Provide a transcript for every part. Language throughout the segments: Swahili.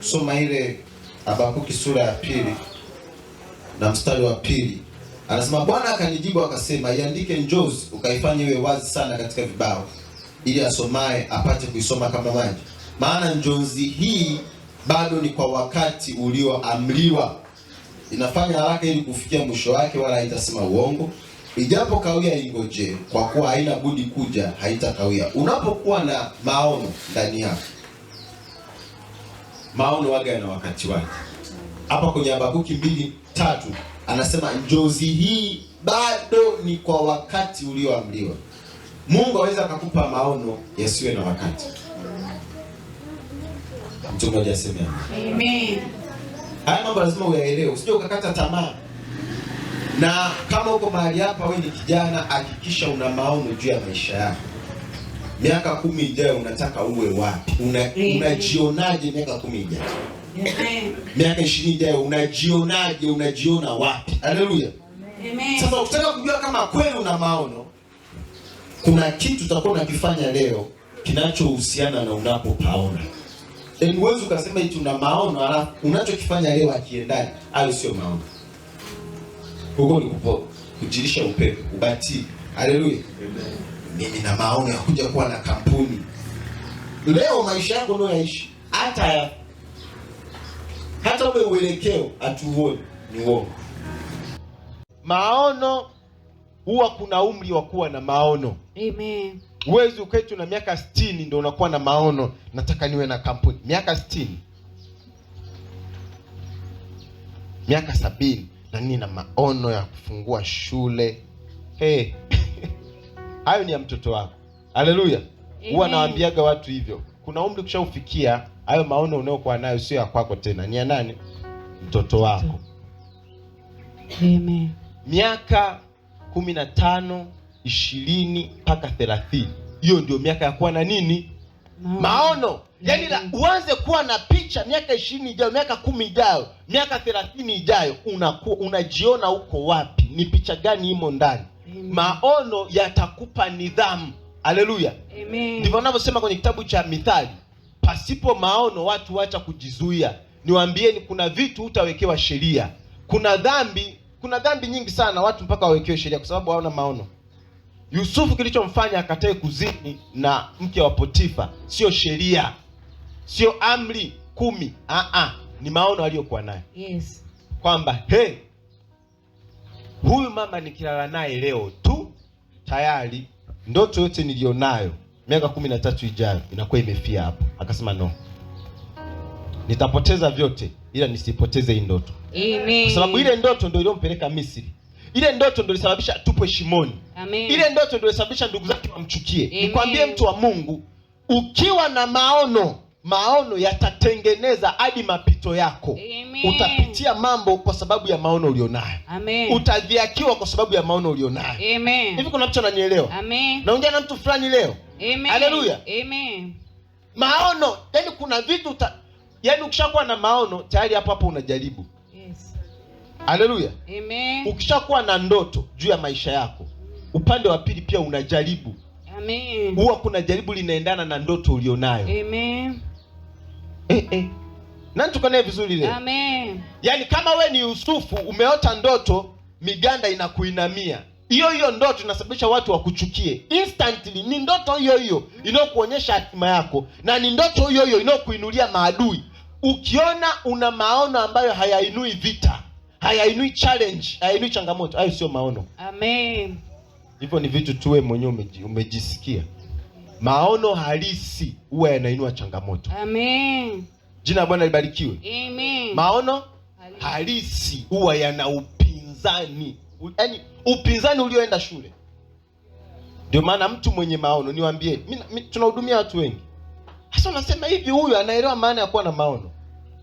Soma ile Habakuki sura ya pili na mstari wa pili anasema, Bwana akanijibu akasema, iandike njozi ukaifanye iwe wazi sana katika vibao, ili asomaye apate kuisoma kama maji, maana njozi hii bado ni kwa wakati ulioamriwa, inafanya haraka ili kufikia mwisho wake, wala haitasema uongo. Ijapo kawia ingojee, kwa kuwa haina budi kuja, haitakawia. Unapokuwa na maono ndani yako maono waga na wakati wake. Hapa kwenye Habakuki mbili tatu anasema njozi hii bado ni kwa wakati ulioamriwa. Mungu aweza akakupa maono yasiwe na wakati. Mtu mmoja aseme amen. Haya mambo lazima uyaelewe, usije ukakata tamaa. Na kama uko mahali hapa, wewe ni kijana, hakikisha una maono juu ya maisha yako miaka kumi ijayo unataka uwe wapi? Eh. Unajionaje? Una miaka kumi ijayo, miaka ishirini ijayo unajionaje? Unajiona wapi? Haleluya! Sasa ukitaka kujua kama kweli una maono, kuna kitu utakuwa unakifanya leo kinachohusiana na unapopaona. Yaani huwezi ukasema eti una maono alafu unachokifanya leo akiendani, hayo sio maono. Huko ni kujilisha upepo, ubatili. Haleluya! mimi na maono ya kuja kuwa na kampuni. Leo maisha yako ndio yaishi, hata hata ule uelekeo atuone ni uongo. Maono huwa kuna umri wa kuwa na maono. Amen. Uwezi ukaitu na miaka 60 ndio unakuwa na maono, nataka niwe na kampuni. Miaka 60 miaka sabini na nini na maono ya kufungua shule. Hey hayo ni ya mtoto wako. Haleluya! Huwa nawaambiaga watu hivyo, kuna umri kushaufikia, hayo maono unayokuwa nayo sio ya kwako tena, ni ya nani? Mtoto wako. Amen. Miaka kumi na tano ishirini mpaka thelathini, hiyo ndio miaka ya kuwa na nini? Maono yaani la, uanze kuwa na picha miaka ishirini ijayo, miaka kumi ijayo, miaka thelathini ijayo, unajiona uko wapi, ni picha gani imo ndani Maono yatakupa nidhamu. Haleluya, ndivyo anavyosema kwenye kitabu cha Mithali, pasipo maono watu wacha kujizuia. Niwaambieni, kuna vitu hutawekewa sheria, kuna dhambi, kuna dhambi nyingi sana watu mpaka wawekewe sheria kwa sababu hawana maono. Yusufu kilichomfanya akatae kuzini na mke wa Potifa sio sheria, sio amri kumi. Aa, ah, ah, ni maono aliyokuwa nayo yes, kwamba hey, Huyu mama nikilala naye leo tu, tayari ndoto yote nilionayo miaka kumi na tatu ijayo inakuwa imefia hapo. Akasema no, nitapoteza vyote ila nisipoteze hii ndoto, kwa sababu ile ndoto ndio iliyompeleka Misri. Ile ndoto ndio ilisababisha tupwe shimoni. Amen. Ile ndoto ndio ilisababisha ndugu zake wamchukie. Nikwambie mtu wa Mungu, ukiwa na maono maono yatatengeneza hadi mapito yako. Amen. Utapitia mambo kwa sababu ya maono ulionayo. Utadhiakiwa kwa sababu ya maono ulionayo. Hivi kuna mtu ananielewa? Naongea na mtu fulani leo. Haleluya. Maono, yani kuna vitu ta... yani ukishakuwa na maono tayari hapo hapo unajaribu. Haleluya. yes. Ukishakuwa na ndoto juu ya maisha yako, upande wa pili pia unajaribu. Huwa kuna jaribu linaendana na ndoto ulionayo. Amen eh, eh. Nani tuko vizuri leo? Amen. Yaani kama we ni Yusufu umeota ndoto miganda inakuinamia, hiyo hiyo ndoto inasababisha watu wakuchukie instantly. Ni ndoto hiyo hiyo inayokuonyesha hatima yako, na ni ndoto hiyo hiyo inayokuinulia maadui. Ukiona una maono ambayo hayainui vita, hayainui challenge, hayainui changamoto, hayo sio maono. Amen. Hivyo ni vitu tuwe mwenyewe umejisikia maono halisi huwa yanainua changamoto. Amen. Jina la Bwana libarikiwe. Maono halisi huwa yana upinzani, yaani upinzani ulioenda shule. Ndio maana mtu mwenye maono, niwaambie, tunahudumia watu wengi. hasa unasema hivi, huyu anaelewa maana ya kuwa na maono?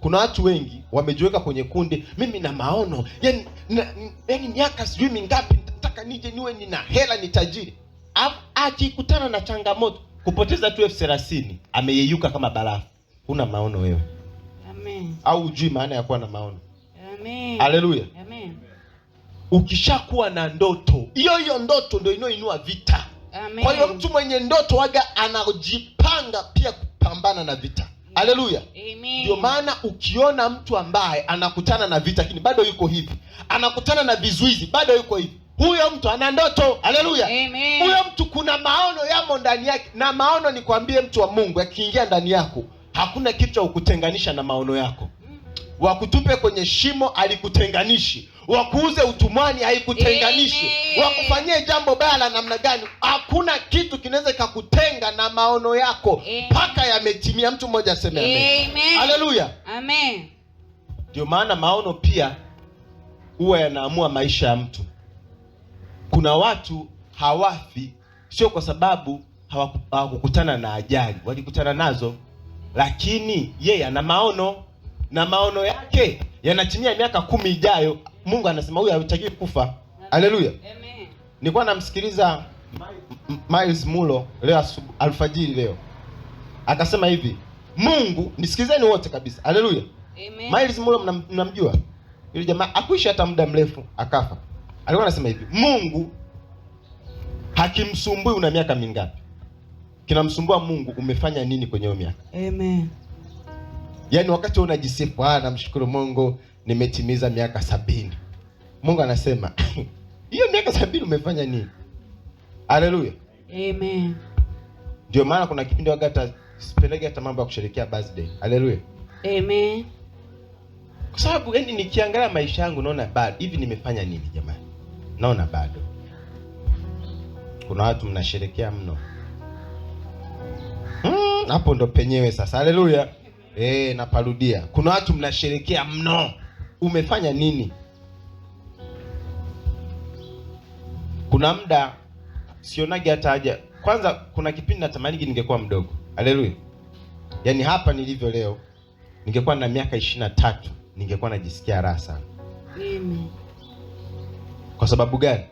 Kuna watu wengi wamejiweka kwenye kundi, mimi na maono, yaani, yaani miaka sijui mingapi, nataka nije niwe nina hela, ni tajiri akikutana na changamoto kupoteza tu elfu thelathini ameyeyuka kama barafu. Huna maono wewe, Au ujui maana ya kuwa na maono? Amen, haleluya, amen. Ukishakuwa na ndoto, hiyo hiyo ndoto ndio inayoinua vita. Amen. Kwa hiyo mtu mwenye ndoto waga anajipanga pia kupambana na vita. Haleluya, ndio maana ukiona mtu ambaye anakutana na vita lakini bado yuko hivi, anakutana na vizuizi bado yuko hivi huyo mtu ana ndoto. Haleluya! huyo mtu kuna maono yamo ndani yake, na maono nikwambie, mtu wa Mungu akiingia ndani yako, hakuna kitu cha kukutenganisha na maono yako. Wakutupe kwenye shimo, alikutenganishi. Wakuuze utumwani, haikutenganishi. Wakufanyie jambo baya la namna gani, hakuna kitu kinaweza kakutenga na maono yako mpaka yametimia. Mtu mmoja aseme Haleluya, Ndio maana maono pia huwa yanaamua maisha ya mtu kuna watu hawafi sio kwa sababu hawakukutana na ajali, walikutana nazo, lakini yeye ana maono na maono yake yanatimia miaka kumi ijayo. Mungu anasema huyu hatakiwi kufa. Haleluya, amen. Nilikuwa namsikiliza Miles Mulo leo alfajiri, leo akasema hivi, Mungu nisikilizeni wote kabisa. Haleluya, amen. Miles Mulo mnamjua, yule jamaa akuishi hata muda mrefu akafa alikuwa anasema hivi, Mungu hakimsumbui una miaka mingapi, kinamsumbua Mungu umefanya nini kwenye hiyo miaka. Amen. Yaani wakati unajisifu ah, namshukuru Mungu nimetimiza miaka sabini, Mungu anasema hiyo miaka sabini umefanya nini? Haleluya, amen. Ndio maana kuna kipindi wakati sipendagi hata mambo ya kusherehekea birthday. Haleluya, amen. Kwa sababu yaani nikiangalia maisha yangu naona bado hivi nimefanya nini jamani? naona bado kuna watu mnasherekea mno hmm, hapo, mm, ndo penyewe sasa. Haleluya! E, naparudia, kuna watu mnasherekea mno. Umefanya nini? Kuna muda sionage hata haja kwanza. Kuna kipindi natamaniki ningekuwa mdogo. Haleluya! Yaani hapa nilivyo leo, ningekuwa na miaka ishirini na tatu, ningekuwa najisikia raha sana. Kwa sababu gani?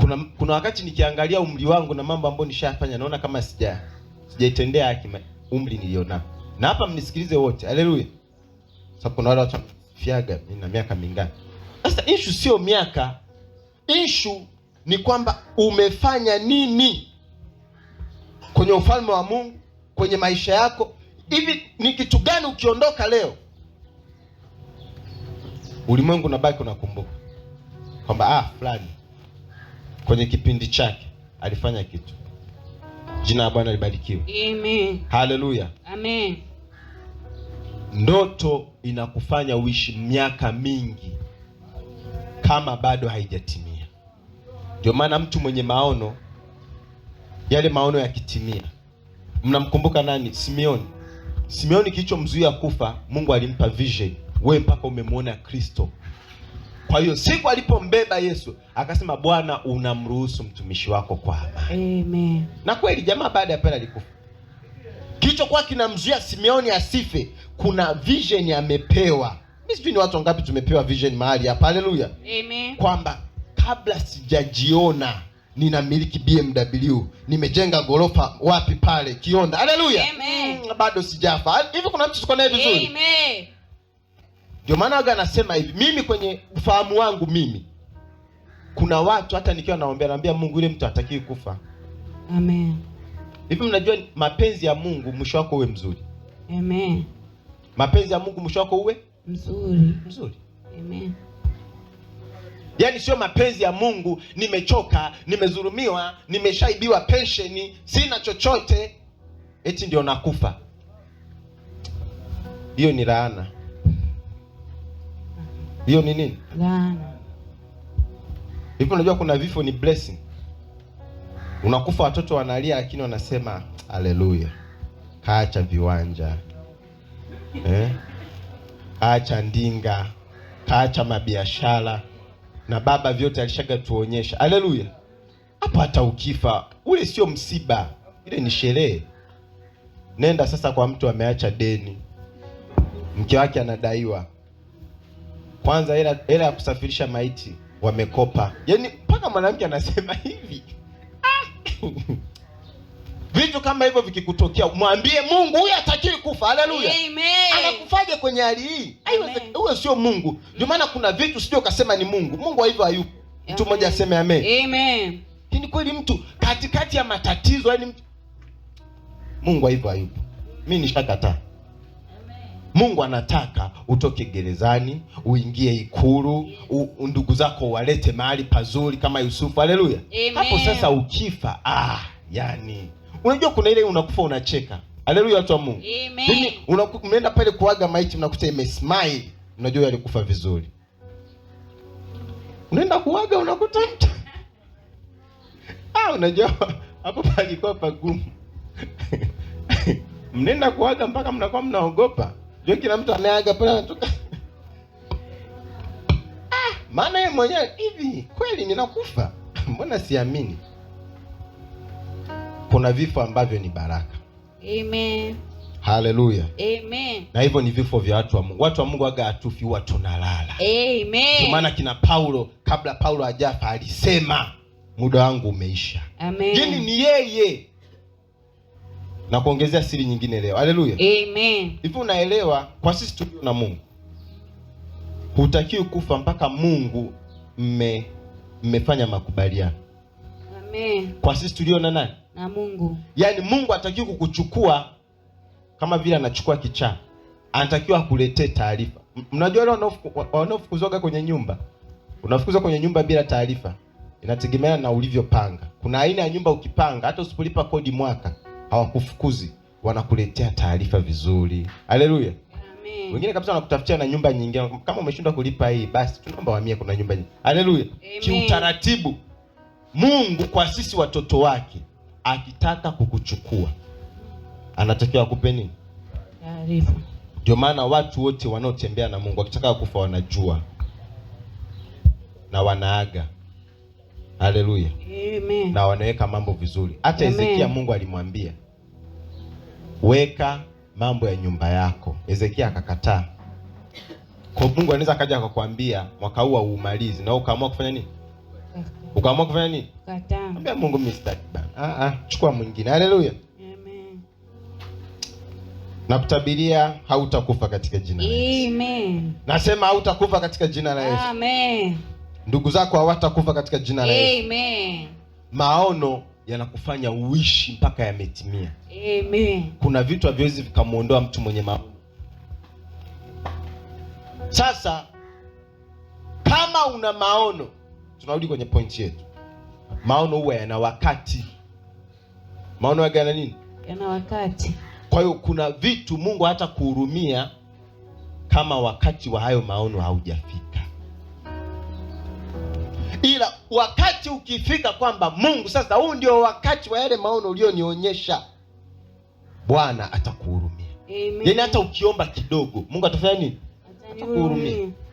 Kuna, kuna wakati nikiangalia umri wangu na mambo ambayo nishafanya naona kama sija sijaitendea haki umri nilionao. Na hapa mnisikilize wote. Haleluya. Sababu kuna wale watu fiaga na miaka mingapi. Sasa ishu sio miaka. ishu ni kwamba umefanya nini kwenye ufalme wa Mungu, kwenye maisha yako. Hivi ni kitu gani ukiondoka leo ulimwengu unabaki unakumbuka kwamba ah, fulani kwenye kipindi chake alifanya kitu. Jina la Bwana libarikiwe. Amen. Haleluya. Amen. Ndoto inakufanya uishi miaka mingi kama bado haijatimia. Ndio maana mtu mwenye maono, yale maono yakitimia, mnamkumbuka nani? Simeoni. Simeoni, kilichomzuia kufa, Mungu alimpa vision wewe mpaka umemwona Kristo. Kwa hiyo siku alipombeba Yesu akasema, Bwana unamruhusu mtumishi wako kwa amani. Amen. Na kweli jamaa baada ya pale alikufa. Kilichokuwa kinamzuia Simeoni asife, kuna vision amepewa. Mimi sijui ni watu wangapi tumepewa vision mahali hapa. Haleluya. Amen. Kwamba kabla sijajiona nina miliki BMW, nimejenga gorofa wapi pale Kionda. Haleluya. Amen. Mm, bado sijafa. Hivi kuna mtu siko naye vizuri? Amen. Ndio maana waga anasema hivi, mimi kwenye ufahamu wangu mimi, kuna watu hata nikiwa naombea naambia Mungu yule mtu hatakiwi kufa. Amen. Hivi mnajua mapenzi ya Mungu mwisho wako uwe mzuri. Amen. Mapenzi ya Mungu mwisho wako uwe mzuri. Mzuri. Amen. Yaani sio mapenzi ya Mungu, nimechoka, nimezurumiwa nimeshaibiwa pensheni, sina chochote, eti ndio nakufa. Hiyo ni laana. Hiyo ni nini? Laana. Hivi unajua kuna vifo ni blessing. Unakufa watoto wanalia, lakini wanasema haleluya, kaacha viwanja eh? kaacha ndinga, kaacha mabiashara na baba, vyote alishagatuonyesha. Haleluya. Hapo hata ukifa ule sio msiba, ile ni sherehe. Nenda sasa kwa mtu ameacha deni, mke wake anadaiwa kwanza hela hela ya kusafirisha maiti wamekopa. Yaani mpaka mwanamke anasema hivi ah! vitu kama hivyo vikikutokea, mwambie Mungu huyu atakiwi kufa. Haleluya, anakufaje kwenye hali hii? Huyo sio Mungu. Ndio maana kuna vitu sio ukasema ni Mungu. Mungu hivyo hayupo. Mtu mmoja aseme amen, amen. Ni kweli mtu katikati ya matatizo, yaani Mungu hivyo hayupo. Mimi nishakataa. Mungu anataka utoke gerezani, uingie ikulu, ndugu zako walete mahali pazuri kama Yusufu. Haleluya! hapo sasa ukifa, ah, yani unajua kuna ile unakufa unacheka. Haleluya, watu wa Mungu. Mnaenda yaani, pale kuaga maiti, mnakuta imesmile, unajua alikufa vizuri. Unaenda kuaga unakuta mtu ah, unajua hapo palikuwa pagumu mnaenda kuaga mpaka mnakuwa mnaogopa. Ndio kila mtu ameaga pale anatoka. Ah! maana yeye mwenyewe hivi kweli ninakufa. Mbona siamini? Kuna vifo ambavyo ni baraka. Amen. Haleluya. Amen. Na hivyo ni vifo vya watu wa Mungu. Watu wa Mungu waga hatufi, huwa tunalala. Amen. Kwa maana kina Paulo kabla Paulo ajafa alisema muda wangu umeisha. Amen. Yaani ni yeye na kuongezea siri nyingine leo. Haleluya, amen. Hivi unaelewa, kwa sisi tulio na Mungu hutakiwi kufa mpaka Mungu mme mmefanya makubaliano. Amen. Kwa sisi tulio na nani? Na Mungu. Yaani Mungu atakiwi kukuchukua kama vile anachukua kichaa, anatakiwa akuletee taarifa. Mnajua wale wanaofukuzwaga kwenye nyumba, unafukuzwa kwenye nyumba bila taarifa, inategemeana na ulivyopanga. Kuna aina ya nyumba ukipanga, hata usipolipa kodi mwaka hawakufukuzi, wanakuletea taarifa vizuri. Haleluya. Wengine kabisa wanakutafutia na nyumba nyingine, kama umeshindwa kulipa hii, basi tunaomba uhamie, kuna nyumba nyingine. Haleluya. Kiutaratibu, Mungu kwa sisi watoto wake akitaka kukuchukua anatakiwa akupe nini? Taarifa. Ndio maana watu wote wanaotembea na Mungu wakitaka kufa wanajua na wanaaga. Haleluya. Amen. Na wanaweka mambo vizuri. Hata Ezekia Mungu alimwambia weka mambo ya nyumba yako. Hezekia akakataa. Kwa Mungu anaweza akaja akakwambia mwaka huu uumalizi na ukaamua kufanya nini? Ukaamua kufanya nini? Kataa. Ambia Mungu mimi sitaki bana. Ah ah, chukua mwingine. Haleluya. Nakutabiria hautakufa katika jina la Yesu. Amen. Nasema hautakufa katika jina la Yesu. Amen. Ndugu zako hawatakufa katika jina la Yesu. Amen. Maono yanakufanya uishi mpaka yametimia. Amen. Kuna vitu haviwezi vikamwondoa mtu mwenye maono. Sasa kama una maono, tunarudi kwenye pointi yetu, maono huwa yana wakati. Maono yake yana nini? Yana wakati. Kwa hiyo kuna vitu Mungu hata kuhurumia kama wakati wa hayo maono haujafika, ila wakati ukifika kwamba Mungu sasa, huu ndio wakati wa yale maono ulionionyesha, Bwana atakuhurumia. yani hata ukiomba kidogo Mungu atafanya nini? Atakuhurumia.